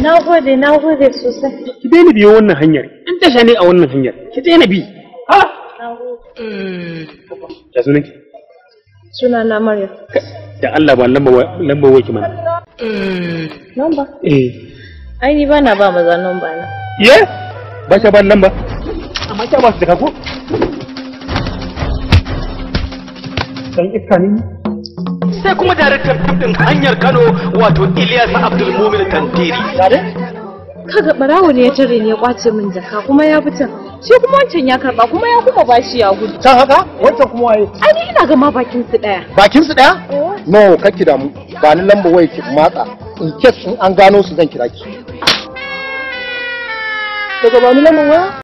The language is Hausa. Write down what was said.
Na gode, na gode sosai. Ki daina biyo wannan hanyar. an tasha ne a wannan hanyar. Ki daina bi. Ha? Na gode. Ya sunan ki? Suna na Maryam. Da Allah ba lamba wai ki mana. Lamba? Eh. Ai ni ba na ba maza lamba na. Ye? Ba ta ba lamba. Amma ta ba su daga ko. Dan iska ne. sai kuma daraktan fim din hanyar Kano wato Ilyas Abdulmumin Tantiri kaga barawo ne ya tare ne ya kwace min jaka kuma ya fita shi kuma wancan ya karba kuma ya kuma bashi ya gudu Can haka wancan kuma waye ai ni ina gama bakin su daya bakin su daya eh. no kake mu? ba ni lamba wai ki matsa in sun an gano su zan kira ki daga ba ni lamba waya